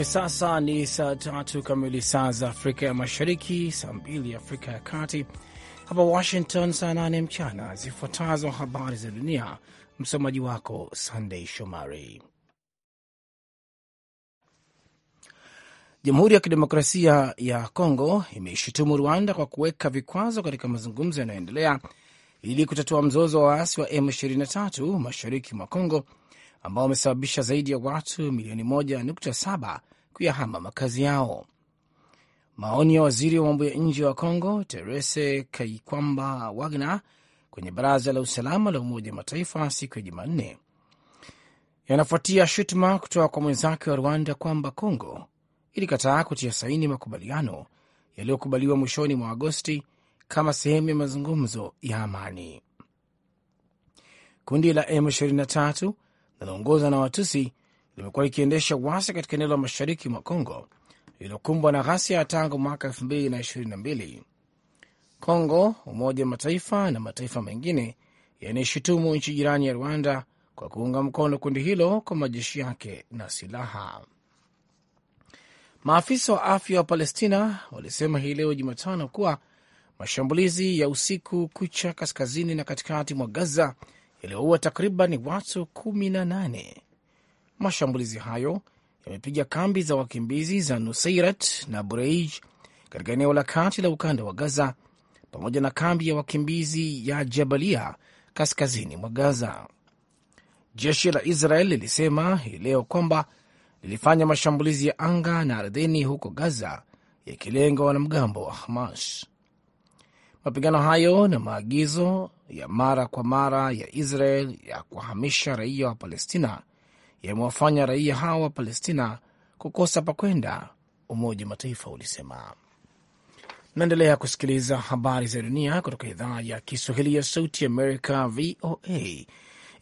hivi sasa ni saa tatu kamili saa za Afrika ya Mashariki, saa mbili Afrika ya Kati, hapa Washington saa nane mchana. Zifuatazo habari za dunia, msomaji wako Sandei Shomari. Jamhuri ya Kidemokrasia ya Kongo imeishutumu Rwanda kwa kuweka vikwazo katika mazungumzo yanayoendelea ili kutatua mzozo wa waasi wa M23 mashariki mwa Kongo ambao wamesababisha zaidi ya watu milioni 1.7 kuyahama makazi yao. Maoni ya waziri wa mambo ya nje wa congo terese Kaikwamba wagna kwenye Baraza la Usalama la Umoja wa Mataifa siku ya Jumanne yanafuatia shutuma kutoka kwa mwenzake wa Rwanda kwamba congo ilikataa kutia saini makubaliano yaliyokubaliwa mwishoni mwa Agosti kama sehemu ya mazungumzo ya amani. Kundi la M23 linaloongozwa na Watusi limekuwa likiendesha uasi katika eneo la mashariki mwa congo lililokumbwa na ghasia tangu mwaka 2022. congo Umoja wa Mataifa na mataifa mengine yanayeshutumu nchi jirani ya Rwanda kwa kuunga mkono kundi hilo kwa majeshi yake na silaha. Maafisa wa afya wa Palestina walisema hii leo Jumatano kuwa mashambulizi ya usiku kucha kaskazini na katikati mwa Gaza yaliyoua takriban watu 18 Mashambulizi hayo yamepiga kambi za wakimbizi za Nuseirat na Bureij katika eneo la kati la ukanda wa Gaza pamoja na kambi ya wakimbizi ya Jabalia kaskazini mwa Gaza. Jeshi la Israel lilisema hii leo kwamba lilifanya mashambulizi ya anga na ardhini huko Gaza yakilenga wanamgambo wa Hamas. Mapigano hayo na maagizo ya mara kwa mara ya Israel ya kuhamisha raia wa Palestina yamewafanya raia hawa wa Palestina kukosa pa kwenda, Umoja wa Mataifa ulisema. Naendelea kusikiliza habari za dunia kutoka idhaa ya Kiswahili ya Sauti Amerika, VOA,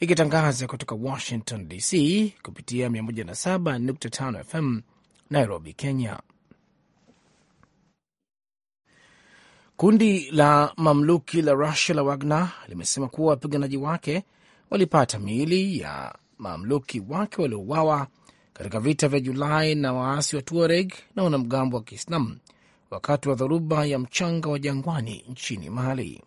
ikitangaza kutoka Washington DC kupitia 107.5 FM Nairobi, Kenya. Kundi la mamluki la Rusia la Wagner limesema kuwa wapiganaji wake walipata miili ya mamluki wake waliouawa katika vita vya Julai na waasi wa Tuareg na wanamgambo wa kiislam wakati wa dhoruba ya mchanga wa jangwani nchini Mali.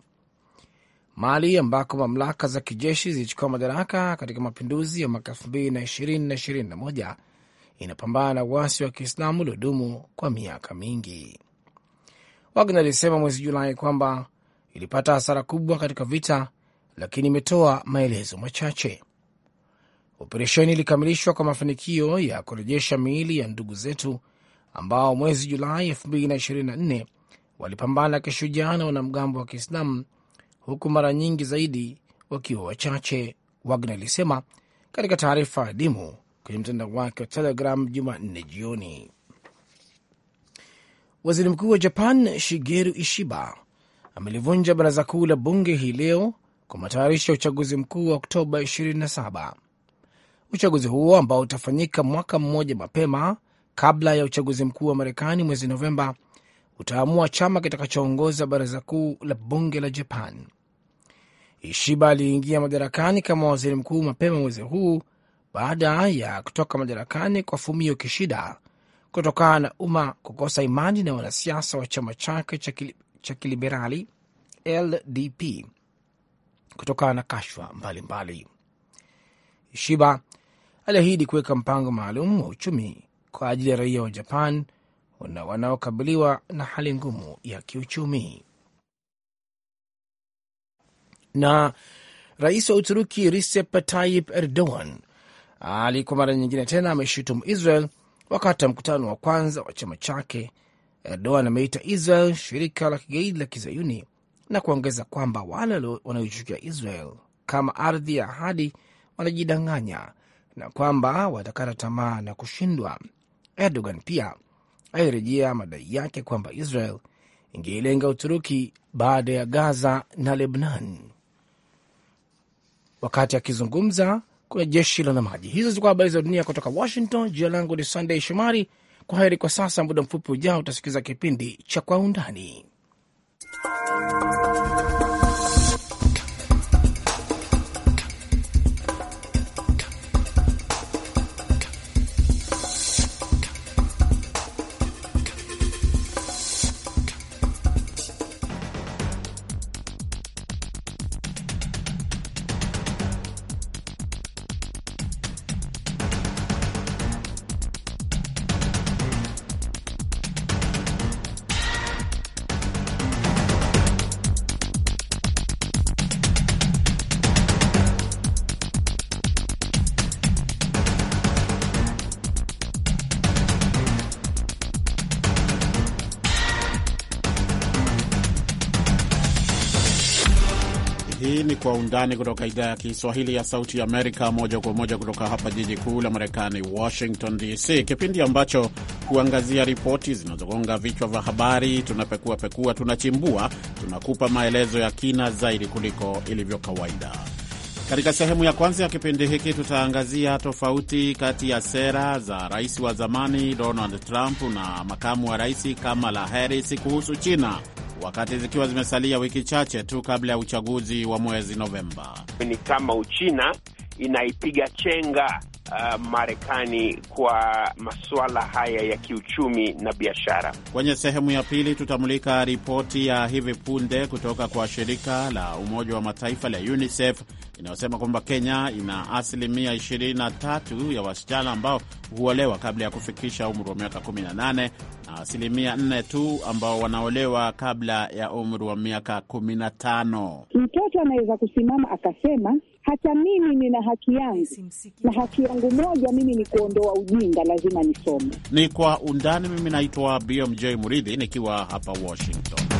Mali ambako mamlaka za kijeshi zilichukua madaraka katika mapinduzi ya mwaka mbili na moja inapambana na uasi wa Kiislamu uliodumu kwa miaka mingi. Wagner ilisema mwezi Julai kwamba ilipata hasara kubwa katika vita, lakini imetoa maelezo machache. Operesheni ilikamilishwa kwa mafanikio ya kurejesha miili ya ndugu zetu ambao mwezi Julai 2024 walipambana kishujaa na wanamgambo wa Kiislamu, huku mara nyingi zaidi wakiwa wachache, Wagner alisema katika taarifa adimu kwenye mtandao wake wa Telegram Jumanne jioni. Waziri Mkuu wa Japan Shigeru Ishiba amelivunja baraza kuu la bunge hii leo kwa matayarisho ya uchaguzi mkuu wa Oktoba 27. Uchaguzi huo ambao utafanyika mwaka mmoja mapema kabla ya uchaguzi mkuu wa Marekani mwezi Novemba utaamua chama kitakachoongoza baraza kuu la bunge la Japan. Ishiba aliingia madarakani kama waziri mkuu mapema mwezi huu baada ya kutoka madarakani kwa Fumio Kishida kutokana na umma kukosa imani na wanasiasa wa chama chake cha kiliberali LDP kutokana na kashfa mbalimbali. Ishiba aliahidi kuweka mpango maalum wa uchumi kwa ajili ya raia wa Japan na wanaokabiliwa na hali ngumu ya kiuchumi. Na rais wa Uturuki Recep Tayyip Erdogan alikuwa mara nyingine tena ameshutumu Israel wakati wa mkutano wa kwanza wa chama chake. Erdogan ameita Israel shirika la kigaidi la kizayuni na kuongeza kwamba wale wanaoichukia Israel kama ardhi ya ahadi wanajidanganya na kwamba watakata tamaa na kushindwa. Erdogan pia alirejea madai yake kwamba Israel ingeilenga Uturuki baada ya Gaza na Lebnan. Wakati akizungumza kuna jeshi la namaji. Hizo zilikuwa habari za dunia kutoka Washington. Jina langu ni Sunday Shomari. Kwa heri kwa sasa. Muda mfupi ujao utasikiza kipindi cha Kwa Undani. Hii ni Kwa Undani kutoka idhaa ya Kiswahili ya Sauti ya Amerika, moja kwa moja kutoka hapa jiji kuu la Marekani, Washington DC, kipindi ambacho huangazia ripoti zinazogonga vichwa vya habari. Tunapekua pekua, tunachimbua, tunakupa maelezo ya kina zaidi kuliko ilivyo kawaida. Katika sehemu ya kwanza ya kipindi hiki tutaangazia tofauti kati ya sera za rais wa zamani Donald Trump na makamu wa rais Kamala Harris kuhusu China wakati zikiwa zimesalia wiki chache tu kabla ya uchaguzi wa mwezi Novemba. Ni kama Uchina inaipiga chenga uh, Marekani kwa masuala haya ya kiuchumi na biashara. Kwenye sehemu ya pili tutamulika ripoti ya hivi punde kutoka kwa shirika la Umoja wa Mataifa la UNICEF inayosema kwamba Kenya ina asilimia 23 ya wasichana ambao huolewa kabla ya kufikisha umri wa miaka 18 na asilimia 4 tu ambao wanaolewa kabla ya umri wa miaka 15. Mtoto anaweza kusimama akasema hata mimi nina haki yangu, na haki yangu moja mimi ni kuondoa ujinga, lazima nisome. Ni kwa undani. Mimi naitwa BMJ Muridhi nikiwa hapa Washington.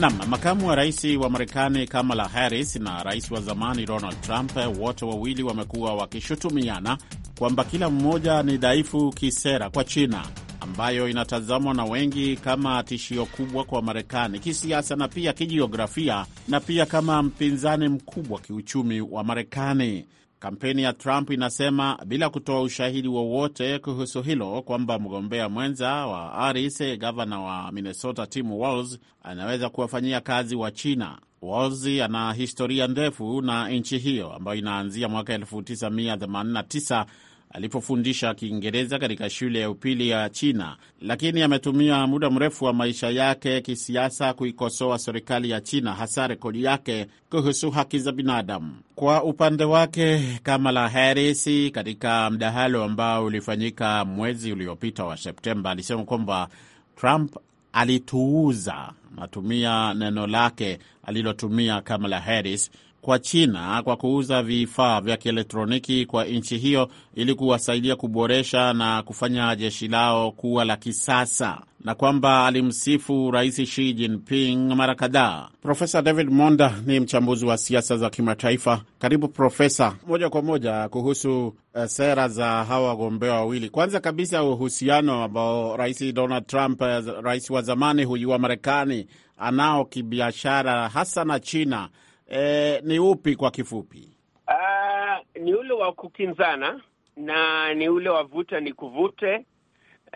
Nam, makamu wa rais wa Marekani Kamala Harris na rais wa zamani Donald Trump wote wawili wamekuwa wakishutumiana kwamba kila mmoja ni dhaifu kisera kwa China ambayo inatazamwa na wengi kama tishio kubwa kwa Marekani kisiasa na pia kijiografia na pia kama mpinzani mkubwa kiuchumi wa Marekani. Kampeni ya Trump inasema bila kutoa ushahidi wowote kuhusu hilo kwamba mgombea mwenza wa Harris, gavana wa Minnesota Tim Walz, anaweza kuwafanyia kazi wa China. Walz ana historia ndefu na nchi hiyo ambayo inaanzia mwaka 1989 alipofundisha Kiingereza katika shule ya upili ya China, lakini ametumia muda mrefu wa maisha yake kisiasa kuikosoa serikali ya China, hasa rekodi yake kuhusu haki za binadamu. Kwa upande wake, Kamala Harris katika mdahalo ambao ulifanyika mwezi uliopita wa Septemba alisema kwamba Trump alituuza, natumia neno lake alilotumia Kamala Harris kwa China kwa kuuza vifaa vya kielektroniki kwa nchi hiyo ili kuwasaidia kuboresha na kufanya jeshi lao kuwa la kisasa na kwamba alimsifu Rais Xi Jinping mara kadhaa. Profesa David Monda ni mchambuzi wa siasa za kimataifa. Karibu Profesa. Moja kwa moja kuhusu eh, sera za hawa wagombea wawili, kwanza kabisa uhusiano ambao Rais Donald Trump, eh, rais wa zamani huyu wa Marekani, anao kibiashara hasa na China e, ni upi kwa kifupi? Uh, ni ule wa kukinzana na ni ule wa vuta ni kuvute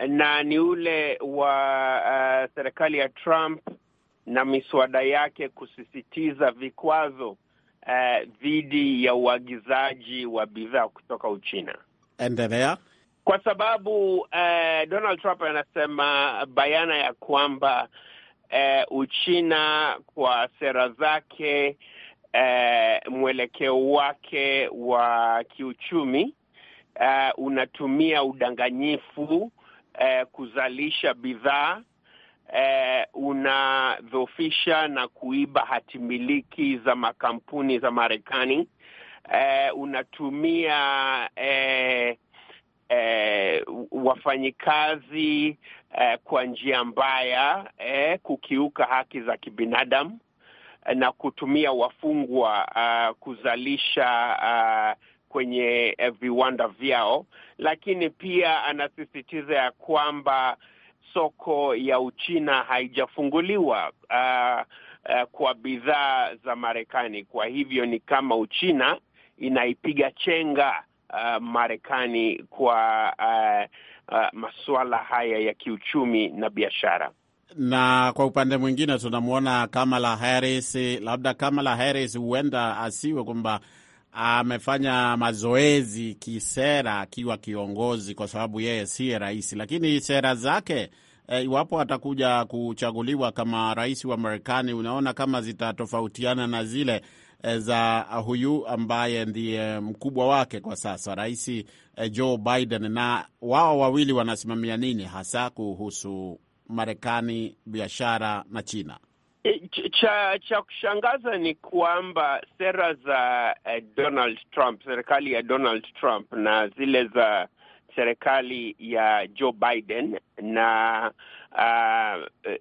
na ni ule wa uh, serikali ya Trump na miswada yake kusisitiza vikwazo eh, dhidi uh, ya uagizaji wa bidhaa kutoka Uchina. Endelea. Kwa sababu uh, Donald Trump anasema bayana ya kwamba uh, Uchina kwa sera zake eh, mwelekeo wake wa kiuchumi eh, unatumia udanganyifu eh, kuzalisha bidhaa eh, unadhofisha na kuiba hatimiliki za makampuni za Marekani eh, unatumia eh, eh, wafanyikazi eh, kwa njia mbaya eh, kukiuka haki za kibinadamu na kutumia wafungwa uh, kuzalisha uh, kwenye eh, viwanda vyao, lakini pia anasisitiza ya kwamba soko ya Uchina haijafunguliwa uh, uh, kwa bidhaa za Marekani. Kwa hivyo ni kama Uchina inaipiga chenga uh, Marekani kwa uh, uh, masuala haya ya kiuchumi na biashara na kwa upande mwingine tunamwona Kamala Harris. Labda Kamala Harris huenda asiwe kwamba amefanya mazoezi kisera akiwa kiongozi, kwa sababu yeye siye rais, lakini sera zake eh, iwapo atakuja kuchaguliwa kama rais wa Marekani, unaona kama zitatofautiana na zile eh, za huyu ambaye ndiye mkubwa wake kwa sasa, Rais eh, Joe Biden. Na wao wawili wanasimamia nini hasa kuhusu Marekani, biashara na China. E, cha, cha kushangaza ni kwamba sera za e, Donald Trump, serikali ya Donald Trump na zile za serikali ya Joe Biden na uh,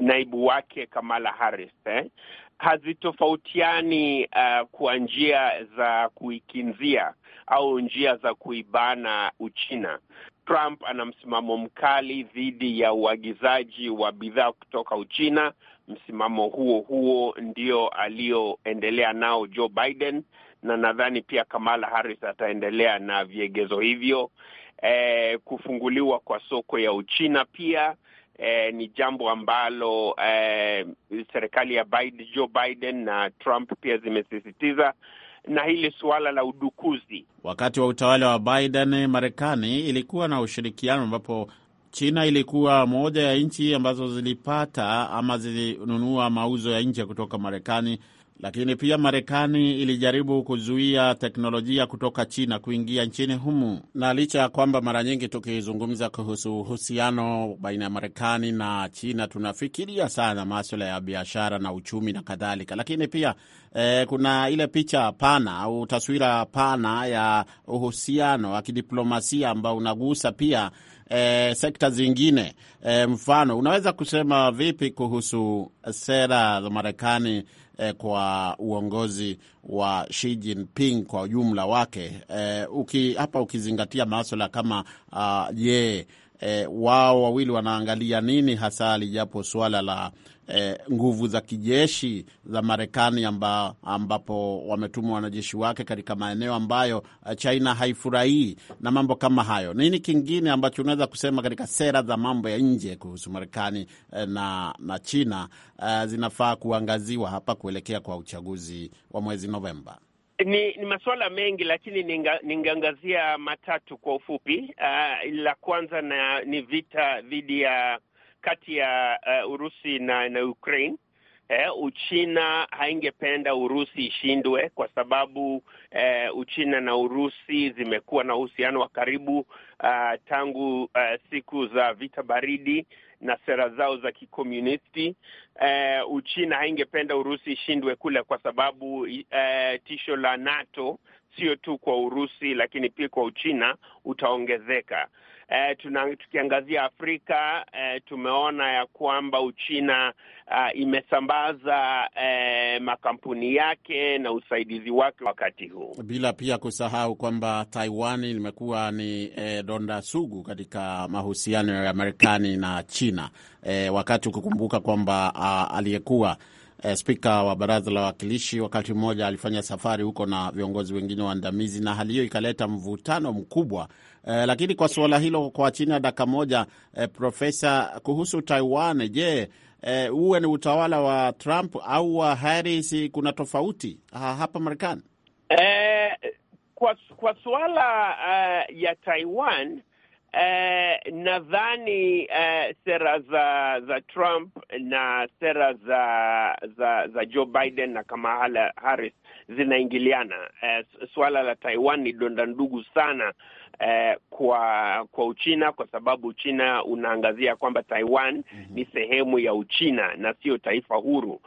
naibu wake Kamala Harris eh, hazitofautiani uh, kwa njia za kuikinzia au njia za kuibana Uchina. Trump ana msimamo mkali dhidi ya uagizaji wa bidhaa kutoka Uchina. Msimamo huo huo ndio alioendelea nao Joe Biden, na nadhani pia Kamala Harris ataendelea na viegezo hivyo. E, kufunguliwa kwa soko ya Uchina pia e, ni jambo ambalo e, serikali ya Biden, Joe Biden na Trump pia zimesisitiza na hili suala la udukuzi. Wakati wa utawala wa Biden, Marekani ilikuwa na ushirikiano ambapo China ilikuwa moja ya nchi ambazo zilipata ama zilinunua mauzo ya nje kutoka Marekani lakini pia Marekani ilijaribu kuzuia teknolojia kutoka China kuingia nchini humu, na licha ya kwamba mara nyingi tukizungumza kuhusu uhusiano baina ya Marekani na China tunafikiria sana maswala ya biashara na uchumi na kadhalika, lakini pia eh, kuna ile picha pana au taswira pana ya uhusiano wa kidiplomasia ambao unagusa pia eh, sekta zingine eh, mfano unaweza kusema vipi kuhusu sera za Marekani eh, kwa uongozi wa Xi Jinping kwa ujumla wake eh, uki, hapa ukizingatia maswala kama ah, je uh, yeah, e, wao wawili wanaangalia nini hasa, lijapo suala la e, nguvu za kijeshi za Marekani amba, ambapo wametumwa wanajeshi wake katika maeneo ambayo e, China haifurahii na mambo kama hayo. Nini kingine ambacho unaweza kusema katika sera za mambo ya nje kuhusu Marekani e, na, na China e, zinafaa kuangaziwa hapa kuelekea kwa uchaguzi wa mwezi Novemba? Ni, ni masuala mengi lakini ninga, ningeangazia matatu kwa ufupi. Uh, la kwanza na ni vita dhidi ya kati ya uh, Urusi na, na Ukraine. Eh, Uchina haingependa Urusi ishindwe kwa sababu eh, Uchina na Urusi zimekuwa na uhusiano wa karibu uh, tangu uh, siku za vita baridi na sera zao za kikomunisti. Uh, Uchina haingependa Urusi ishindwe kule kwa sababu uh, tisho la NATO sio tu kwa Urusi lakini pia kwa Uchina utaongezeka eh, tuna, tukiangazia Afrika eh, tumeona ya kwamba Uchina uh, imesambaza eh, makampuni yake na usaidizi wake wakati huu, bila pia kusahau kwamba Taiwan limekuwa ni eh, donda sugu katika mahusiano ya Marekani na China eh, wakati ukikumbuka kwamba uh, aliyekuwa eh, spika wa baraza la wawakilishi wakati mmoja alifanya safari huko na viongozi wengine waandamizi, na hali hiyo ikaleta mvutano mkubwa eh, lakini kwa suala hilo kwa chini ya dakika moja eh, Profesa, kuhusu Taiwan, je, eh, uwe ni utawala wa Trump au wa Harris, kuna tofauti ha, ah, hapa Marekani eh, kwa, kwa suala uh, ya Taiwan Eh, nadhani eh, sera za za Trump na sera za za za Joe Biden na Kamala Harris zinaingiliana. Eh, suala la Taiwan ni donda ndugu sana eh, kwa kwa Uchina kwa sababu Uchina unaangazia kwamba Taiwan mm -hmm. ni sehemu ya Uchina na sio taifa huru.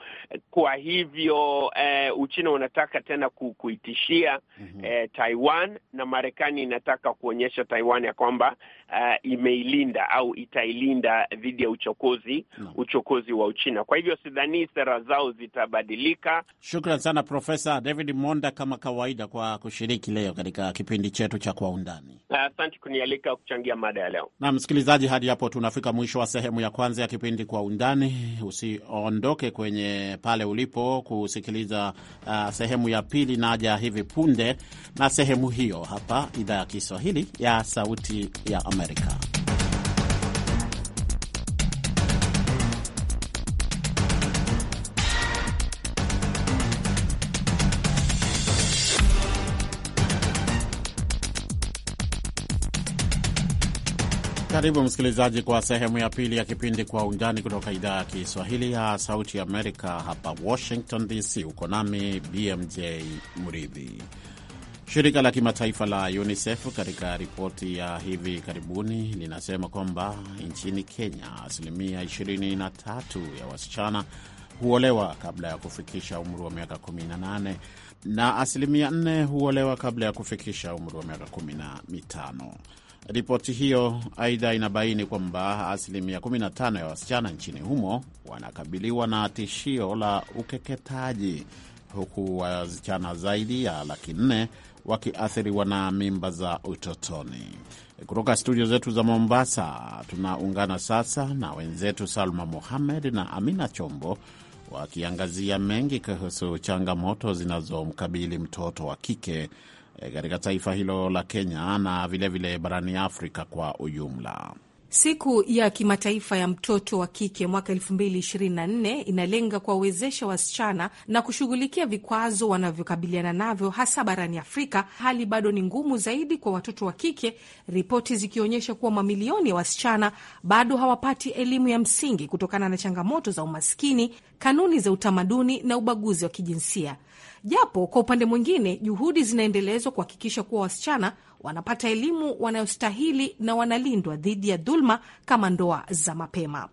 Kwa hivyo eh, Uchina unataka tena kuitishia mm -hmm. eh, Taiwan na Marekani inataka kuonyesha Taiwan ya kwamba eh, imeilinda au itailinda dhidi ya uchokozi mm -hmm. uchokozi wa Uchina. Kwa hivyo sidhani sera zao zitabadilika. Shukran sana Profesa David Monda, kama kawaida, kwa kushiriki leo katika kipindi chetu cha Kwa Undani. Asante uh, kunialika kuchangia mada ya leo. Na msikilizaji, hadi hapo tunafika mwisho wa sehemu ya kwanza ya kipindi Kwa Undani. Usiondoke kwenye pale ulipo kusikiliza uh, sehemu ya pili naja hivi punde, na sehemu hiyo hapa idhaa ya Kiswahili ya Sauti ya Amerika. Karibu msikilizaji kwa sehemu ya pili ya kipindi Kwa Undani kutoka idhaa ya Kiswahili ya Sauti ya Amerika, hapa Washington DC. Uko nami BMJ Mridhi. Shirika la kimataifa la UNICEF katika ripoti ya hivi karibuni linasema kwamba nchini Kenya asilimia 23 ya wasichana huolewa kabla ya kufikisha umri wa miaka 18 na asilimia 4 huolewa kabla ya kufikisha umri wa miaka 15. Ripoti hiyo aidha inabaini kwamba asilimia 15 ya wasichana nchini humo wanakabiliwa na tishio la ukeketaji huku wasichana zaidi ya laki nne wakiathiriwa na mimba za utotoni. Kutoka studio zetu za Mombasa tunaungana sasa na wenzetu Salma Mohamed na Amina Chombo wakiangazia mengi kuhusu changamoto zinazomkabili mtoto wa kike Eh, katika taifa hilo la Kenya na vilevile vile barani Afrika kwa ujumla. Siku ya kimataifa ya mtoto wa kike mwaka 2024 inalenga kuwawezesha wasichana na kushughulikia vikwazo wanavyokabiliana navyo hasa barani Afrika. Hali bado ni ngumu zaidi kwa watoto wa kike, ripoti zikionyesha kuwa mamilioni ya wasichana bado hawapati elimu ya msingi kutokana na changamoto za umaskini, kanuni za utamaduni na ubaguzi wa kijinsia japo kwa upande mwingine juhudi zinaendelezwa kuhakikisha kuwa wasichana wanapata elimu wanayostahili na wanalindwa dhidi ya dhuluma kama ndoa za mapema.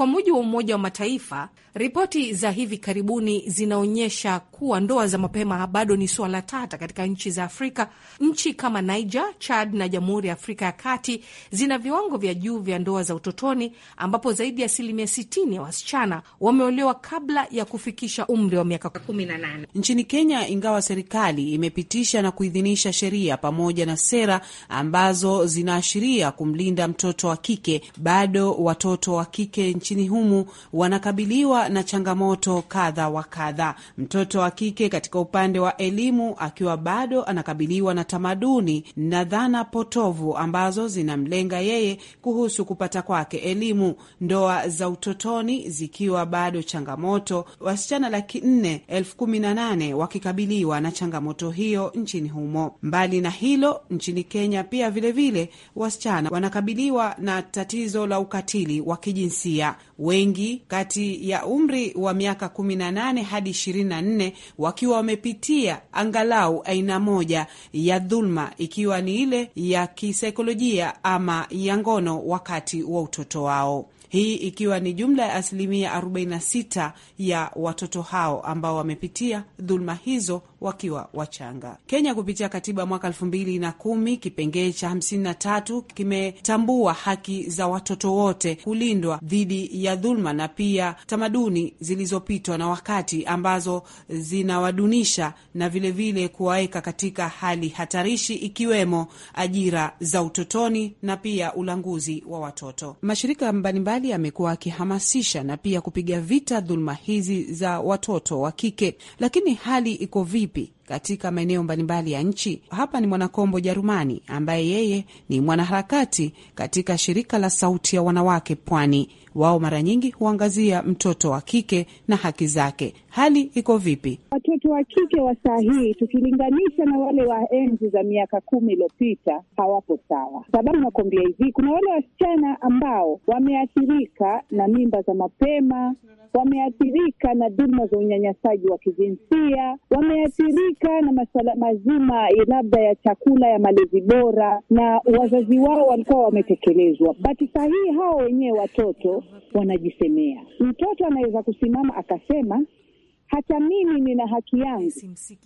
Kwa mujibu wa Umoja wa Mataifa, ripoti za hivi karibuni zinaonyesha kuwa ndoa za mapema bado ni suala tata katika nchi za Afrika. Nchi kama Niger, Chad na Jamhuri ya Afrika ya Kati zina viwango vya juu vya ndoa za utotoni, ambapo zaidi ya asilimia 60 ya wasichana wameolewa kabla ya kufikisha umri wa miaka 18. Nchini Kenya, ingawa serikali imepitisha na kuidhinisha sheria pamoja na sera ambazo zinaashiria kumlinda mtoto wa kike, bado watoto wa kike nchi nchini humu wanakabiliwa na changamoto kadha wa kadha. Mtoto wa kike katika upande wa elimu akiwa bado anakabiliwa na tamaduni na dhana potovu ambazo zinamlenga yeye kuhusu kupata kwake elimu. Ndoa za utotoni zikiwa bado changamoto, wasichana laki nne elfu kumi na nane wakikabiliwa na changamoto hiyo nchini humo. Mbali na hilo, nchini Kenya pia vilevile vile, wasichana wanakabiliwa na tatizo la ukatili wa kijinsia wengi kati ya umri wa miaka 18 hadi 24 wakiwa wamepitia angalau aina moja ya dhulma, ikiwa ni ile ya kisaikolojia ama ya ngono wakati wa utoto wao hii ikiwa ni jumla ya asilimia 46 ya watoto hao ambao wamepitia dhuluma hizo wakiwa wachanga. Kenya kupitia katiba mwaka elfu mbili na kumi kipengee cha hamsini na tatu kimetambua haki za watoto wote kulindwa dhidi ya dhuluma na pia tamaduni zilizopitwa na wakati ambazo zinawadunisha na vilevile kuwaweka katika hali hatarishi ikiwemo ajira za utotoni na pia ulanguzi wa watoto. Mashirika mbalimbali yamekuwa akihamasisha na pia kupiga vita dhuluma hizi za watoto wa kike, lakini hali iko vipi katika maeneo mbalimbali ya nchi. Hapa ni Mwanakombo Jarumani ambaye yeye ni mwanaharakati katika shirika la Sauti ya Wanawake Pwani wao mara nyingi huangazia mtoto wa kike na haki zake. Hali iko vipi watoto wa kike wa saa hii tukilinganisha na wale wa enzi za miaka kumi iliyopita? Hawapo sawa. Sababu nakuambia hivi, kuna wale wasichana ambao wameathirika na mimba za mapema, wameathirika na dhuluma za unyanyasaji wa kijinsia, wameathirika na masuala mazima labda ya chakula, ya malezi bora, na wazazi wao walikuwa wametekelezwa. Basi saa hii hao wenyewe watoto wanajisemea. Mtoto anaweza kusimama akasema hata mimi nina haki yangu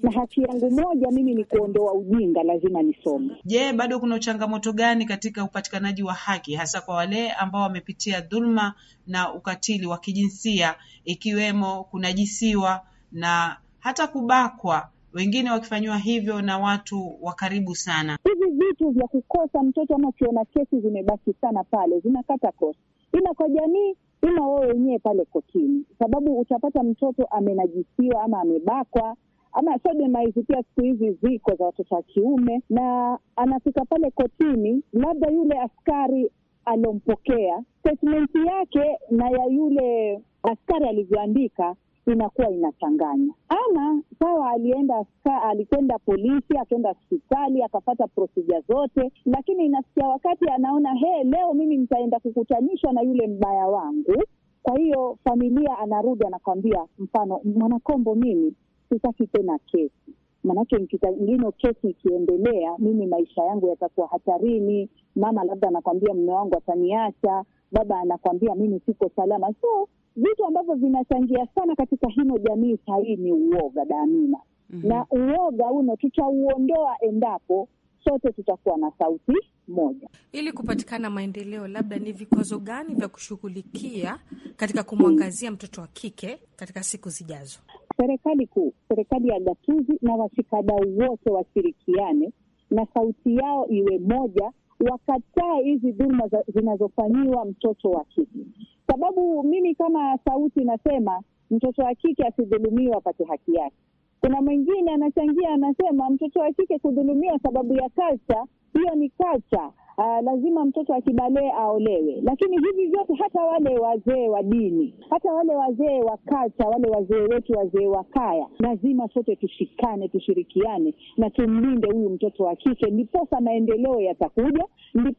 na haki yangu moja mimi ni kuondoa ujinga, lazima nisome. Je, bado kuna changamoto gani katika upatikanaji wa haki, hasa kwa wale ambao wamepitia dhuluma na ukatili wa kijinsia, ikiwemo kunajisiwa na hata kubakwa, wengine wakifanyiwa hivyo na watu wa karibu sana? Hivi vitu vya kukosa mtoto ama ukiona kesi zimebaki sana pale, zinakata kosa ima kwa jamii, ima wao wenyewe pale kotini, sababu utapata mtoto amenajisiwa ama amebakwa ama sodomize pia siku hizi ziko za watoto wa kiume, na anafika pale kotini, labda yule askari alompokea statement yake na ya yule askari alivyoandika inakuwa inachanganya. Ama sawa, alienda alikwenda polisi, akaenda hospitali, akapata prosija zote, lakini inafikia wakati anaona he, leo mimi nitaenda kukutanishwa na yule mbaya wangu. Kwa hiyo familia anarudi anakwambia, mfano Mwanakombo, mimi sitaki tena kesi manake ngino kesi ikiendelea, mimi maisha yangu yatakuwa hatarini. Mama labda anakwambia mme wangu ataniacha, baba anakwambia mimi siko salama. So vitu ambavyo vinachangia sana katika hino jamii sahii ni uoga Damina. mm -hmm. na uoga uno tutauondoa endapo sote tutakuwa na sauti moja. Ili kupatikana maendeleo, labda ni vikwazo gani vya kushughulikia katika kumwangazia mtoto wa kike katika siku zijazo? Serikali kuu, serikali ya gatuzi na washikadau wote washirikiane na sauti yao iwe moja, wakataa hizi dhuluma zinazofanyiwa mtoto wa kike sababu mimi kama sauti nasema mtoto wa kike asidhulumiwa apate haki yake. Kuna mwingine anachangia anasema mtoto wa kike kudhulumiwa sababu ya kacha, hiyo ni kacha. Uh, lazima mtoto akibalee aolewe. Lakini hivi vyote, hata wale wazee wa dini, hata wale wazee wa kacha, wale wazee wetu, wazee wa kaya, lazima sote tushikane, tushirikiane na tumlinde huyu mtoto wa kike, ndiposa maendeleo yatakuja,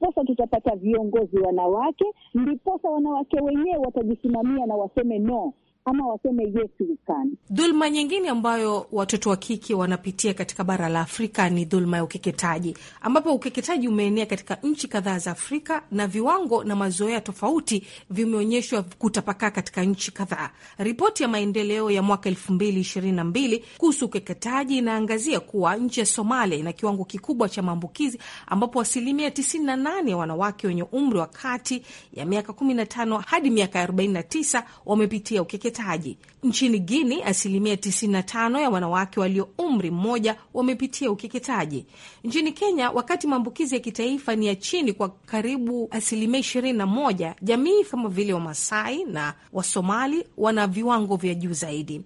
ndiposa tutapata viongozi wanawake, ndiposa wanawake wenyewe watajisimamia na waseme no, ama waseme yes we can. Dhulma nyingine ambayo watoto wa kike wanapitia katika bara la Afrika ni dhulma ya ukeketaji, ambapo ukeketaji umeenea katika nchi kadhaa za Afrika na viwango na mazoea tofauti vimeonyeshwa kutapakaa katika nchi kadhaa. Ripoti ya maendeleo ya mwaka elfu mbili ishirini na mbili kuhusu ukeketaji inaangazia kuwa nchi ya Somalia ina kiwango kikubwa cha maambukizi, ambapo asilimia 98 ya wanawake wenye umri wa kati ya miaka 15 hadi miaka 49 wamepitia ukeketaji ukeketaji. Nchini Guini, asilimia 95 ya wanawake walio umri mmoja wamepitia ukeketaji. Nchini Kenya, wakati maambukizi ya kitaifa ni ya chini kwa karibu asilimia 21, jamii kama vile Wamasai na Wasomali wana viwango vya juu zaidi.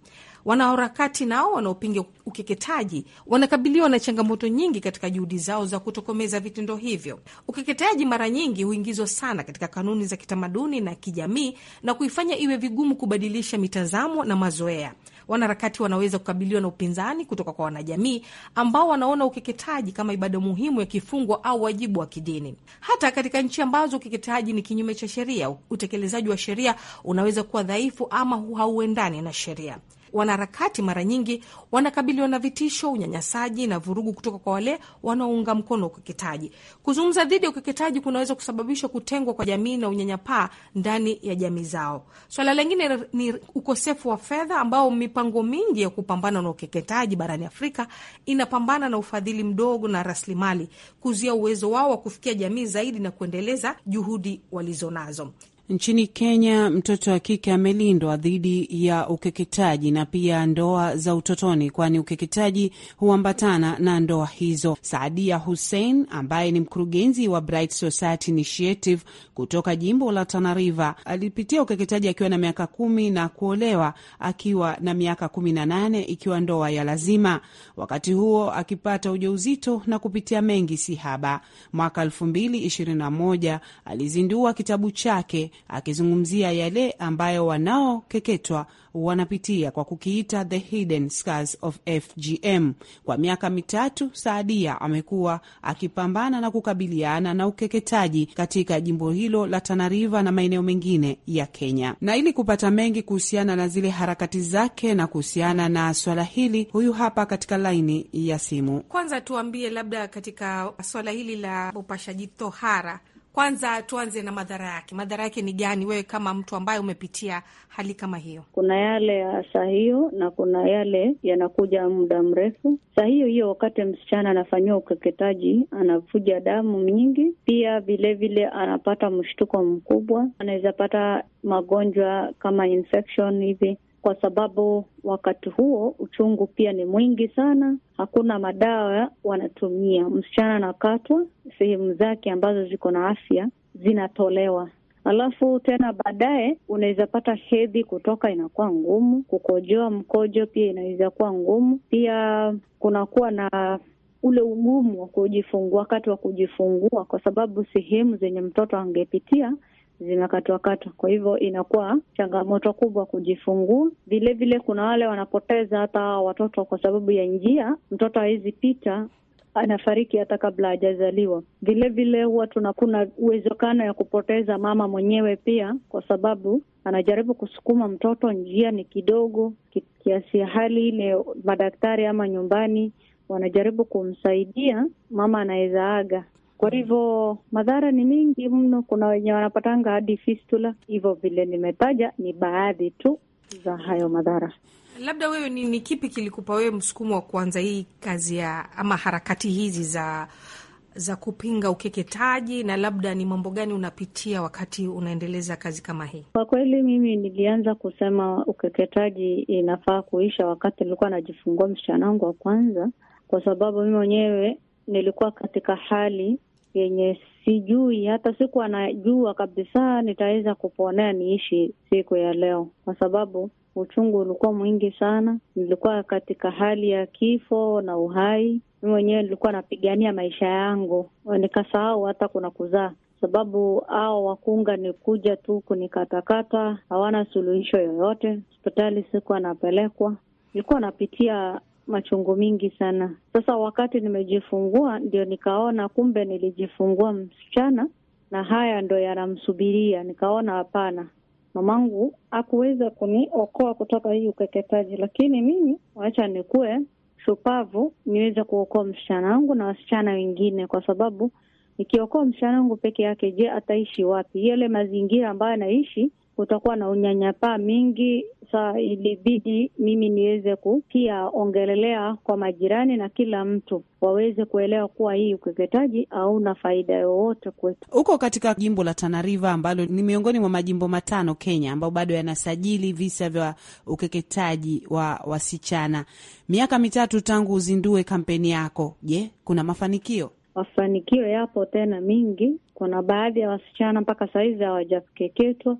Wanaharakati nao wanaopinga ukeketaji wanakabiliwa na changamoto nyingi katika juhudi zao za kutokomeza vitendo hivyo. Ukeketaji mara nyingi huingizwa sana katika kanuni za kitamaduni na kijamii na kuifanya iwe vigumu kubadilisha mitazamo na mazoea. Wanaharakati wanaweza kukabiliwa na upinzani kutoka kwa wanajamii ambao wanaona ukeketaji kama ibada muhimu ya kifungo au wajibu wa kidini. Hata katika nchi ambazo ukeketaji ni kinyume cha sheria, utekelezaji wa sheria unaweza kuwa dhaifu ama hauendani na sheria. Wanaharakati mara nyingi wanakabiliwa na vitisho, unyanyasaji na vurugu kutoka kwa wale wanaounga mkono ukeketaji. Kuzungumza dhidi ya ukeketaji kunaweza kusababisha kutengwa kwa jamii na unyanyapaa ndani ya jamii zao. Swala lengine ni ukosefu wa fedha, ambao mipango mingi ya kupambana na ukeketaji barani Afrika inapambana na ufadhili mdogo na rasilimali, kuzuia uwezo wao wa kufikia jamii zaidi na kuendeleza juhudi walizonazo. Nchini Kenya, mtoto wa kike amelindwa dhidi ya ukeketaji na pia ndoa za utotoni, kwani ukeketaji huambatana na ndoa hizo. Saadia Hussein ambaye ni mkurugenzi wa Bright Society Initiative kutoka jimbo la Tana River alipitia ukeketaji akiwa na miaka kumi na kuolewa akiwa na miaka kumi na nane ikiwa ndoa ya lazima, wakati huo akipata ujauzito na kupitia mengi si haba. Mwaka elfu mbili ishirini na moja alizindua kitabu chake akizungumzia yale ambayo wanaokeketwa wanapitia kwa kukiita the hidden scars of FGM. Kwa miaka mitatu, Saadia amekuwa akipambana na kukabiliana na ukeketaji katika jimbo hilo la Tana River na maeneo mengine ya Kenya. Na ili kupata mengi kuhusiana na zile harakati zake na kuhusiana na swala hili, huyu hapa katika laini ya simu. Kwanza tuambie, labda katika swala hili la upashaji tohara kwanza tuanze na madhara yake. Madhara yake ni gani, wewe kama mtu ambaye umepitia hali kama hiyo? Kuna yale ya saa hiyo na kuna yale yanakuja muda mrefu. Saa hiyo hiyo, wakati msichana anafanyiwa ukeketaji, anavuja damu nyingi, pia vilevile anapata mshtuko mkubwa, anaweza pata magonjwa kama infection hivi kwa sababu wakati huo uchungu pia ni mwingi sana, hakuna madawa wanatumia. Msichana anakatwa sehemu zake ambazo ziko na afya zinatolewa, alafu tena baadaye unaweza pata hedhi kutoka, inakuwa ngumu. Kukojoa mkojo pia inaweza kuwa ngumu, pia kunakuwa na ule ugumu wa kujifungua, wakati wa kujifungua, kwa sababu sehemu zenye mtoto angepitia zimekatwakatwa, kwa hivyo inakuwa changamoto kubwa kujifungua. Vilevile kuna wale wanapoteza hata watoto kwa sababu ya njia, mtoto hawezi pita anafariki hata kabla hajazaliwa. Vilevile huwa tuna kuna uwezekano ya kupoteza mama mwenyewe pia, kwa sababu anajaribu kusukuma mtoto, njia ni kidogo kiasi, hali ile madaktari ama nyumbani wanajaribu kumsaidia mama anaweza aga, kwa hivyo madhara ni mingi mno, kuna wenye wanapatanga hadi fistula. Hivyo vile nimetaja ni baadhi tu za hayo madhara. Labda wewe ni, ni kipi kilikupa wewe msukumo wa kuanza hii kazi ya ama harakati hizi za za kupinga ukeketaji na labda ni mambo gani unapitia wakati unaendeleza kazi kama hii? Kwa kweli mimi nilianza kusema ukeketaji inafaa kuisha wakati nilikuwa najifungua msichana wangu wa kwanza, kwa sababu mimi mwenyewe nilikuwa katika hali yenye sijui hata siku anajua kabisa nitaweza kuponea niishi siku ya leo, kwa sababu uchungu ulikuwa mwingi sana. Nilikuwa katika hali ya kifo na uhai. Mi mwenyewe nilikuwa napigania maisha yangu, nikasahau hata kuna kuzaa, sababu hao wakunga ni kuja tu kunikatakata, hawana suluhisho yoyote. Hospitali siku anapelekwa nilikuwa napitia machungu mingi sana. Sasa wakati nimejifungua, ndio nikaona kumbe nilijifungua msichana na haya ndo yanamsubiria. Nikaona hapana, mamangu hakuweza kuniokoa kutoka hii ukeketaji, lakini mimi wacha nikuwe shupavu niweze kuokoa msichana wangu na wasichana wengine, kwa sababu nikiokoa msichana wangu peke yake, je, ataishi wapi? Yale mazingira ambayo anaishi kutakuwa na unyanyapaa mingi. Sa ilibidi mimi niweze kupia ongelelea kwa majirani na kila mtu waweze kuelewa kuwa hii ukeketaji hauna faida yoyote kwetu. Huko katika jimbo la Tana River ambalo ni miongoni mwa majimbo matano Kenya ambayo bado yanasajili visa vya ukeketaji wa wasichana, miaka mitatu tangu uzindue kampeni yako, je, kuna mafanikio? Mafanikio yapo tena mingi. Kuna baadhi ya wasichana mpaka sahizi hawajakeketwa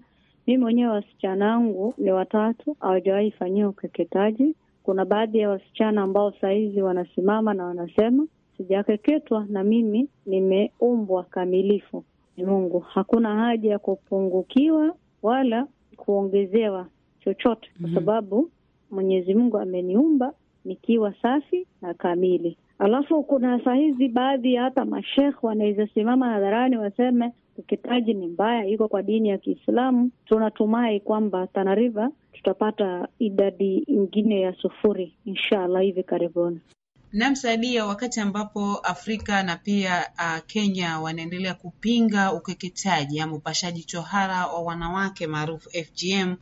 Mi mwenyewe wasichana wangu ni watatu, hawajawahi fanyia ukeketaji. Kuna baadhi ya wasichana ambao sahizi wanasimama na wanasema sijakeketwa, na mimi nimeumbwa kamilifu ni Mungu, hakuna haja ya kupungukiwa wala kuongezewa chochote, kwa mhm. sababu Mwenyezi Mungu ameniumba nikiwa safi na kamili. Alafu kuna saa hizi baadhi ya hata mashekh wanaweza simama hadharani waseme ukitaji ni mbaya, iko kwa dini ya Kiislamu. Tunatumai kwamba Tana River tutapata idadi ingine ya sufuri inshallah hivi karibuni namsaidia wakati ambapo Afrika na pia uh, Kenya wanaendelea kupinga ukeketaji ama upashaji tohara wa wanawake maarufu FGM.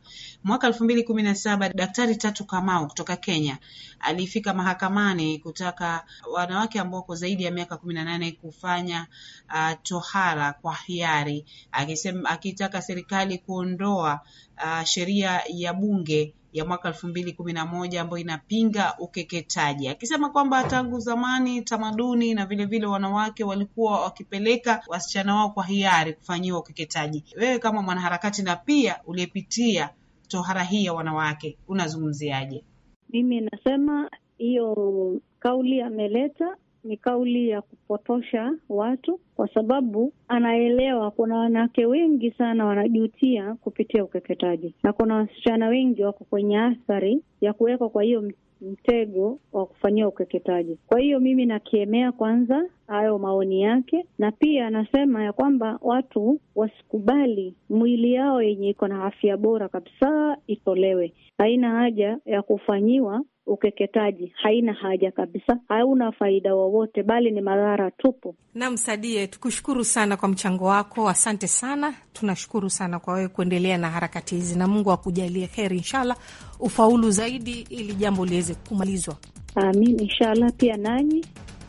Mwaka elfu mbili kumi na saba Daktari Tatu Kamau kutoka Kenya alifika mahakamani kutaka wanawake ambao wako zaidi ya miaka kumi na nane kufanya uh, tohara kwa hiari, akisema akitaka serikali kuondoa uh, sheria ya bunge ya mwaka elfu mbili kumi na moja ambayo inapinga ukeketaji, akisema kwamba tangu zamani tamaduni na vilevile vile wanawake walikuwa wakipeleka wasichana wao kwa hiari kufanyiwa ukeketaji. Wewe kama mwanaharakati na pia uliyepitia tohara hii ya wanawake unazungumziaje? Mimi nasema hiyo kauli ameleta ni kauli ya kupotosha watu, kwa sababu anaelewa kuna wanawake wengi sana wanajutia kupitia ukeketaji na kuna wasichana wengi wako kwenye athari ya kuwekwa kwa hiyo mtego wa kufanyia ukeketaji. Kwa hiyo mimi nakiemea kwanza hayo maoni yake, na pia anasema ya kwamba watu wasikubali mwili yao yenye iko na afya bora kabisa itolewe. Haina haja ya kufanyiwa ukeketaji haina haja kabisa, hauna faida wowote, bali ni madhara tupu. Naam, Sadie, tukushukuru sana kwa mchango wako, asante sana. Tunashukuru sana kwa wewe kuendelea na harakati hizi, na Mungu akujalie heri, inshallah ufaulu zaidi, ili jambo liweze kumalizwa. Amin, inshallah. Pia nanyi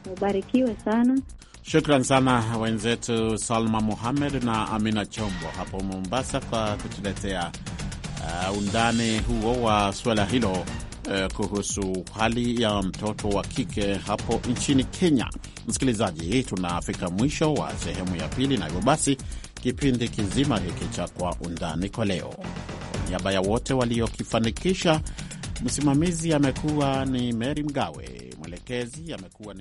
mubarikiwe sana. Shukran sana wenzetu Salma Muhamed na Amina Chombo hapo Mombasa kwa kutuletea uh, undani huo wa suala hilo eh, kuhusu hali ya mtoto wa kike hapo nchini Kenya. Msikilizaji, tunafika mwisho wa sehemu ya pili, na hivyo basi kipindi kizima hiki cha Kwa Undani kwa leo, kwa niaba ya wote waliokifanikisha, msimamizi amekuwa ni Meri Mgawe, mwelekezi amekuwa ni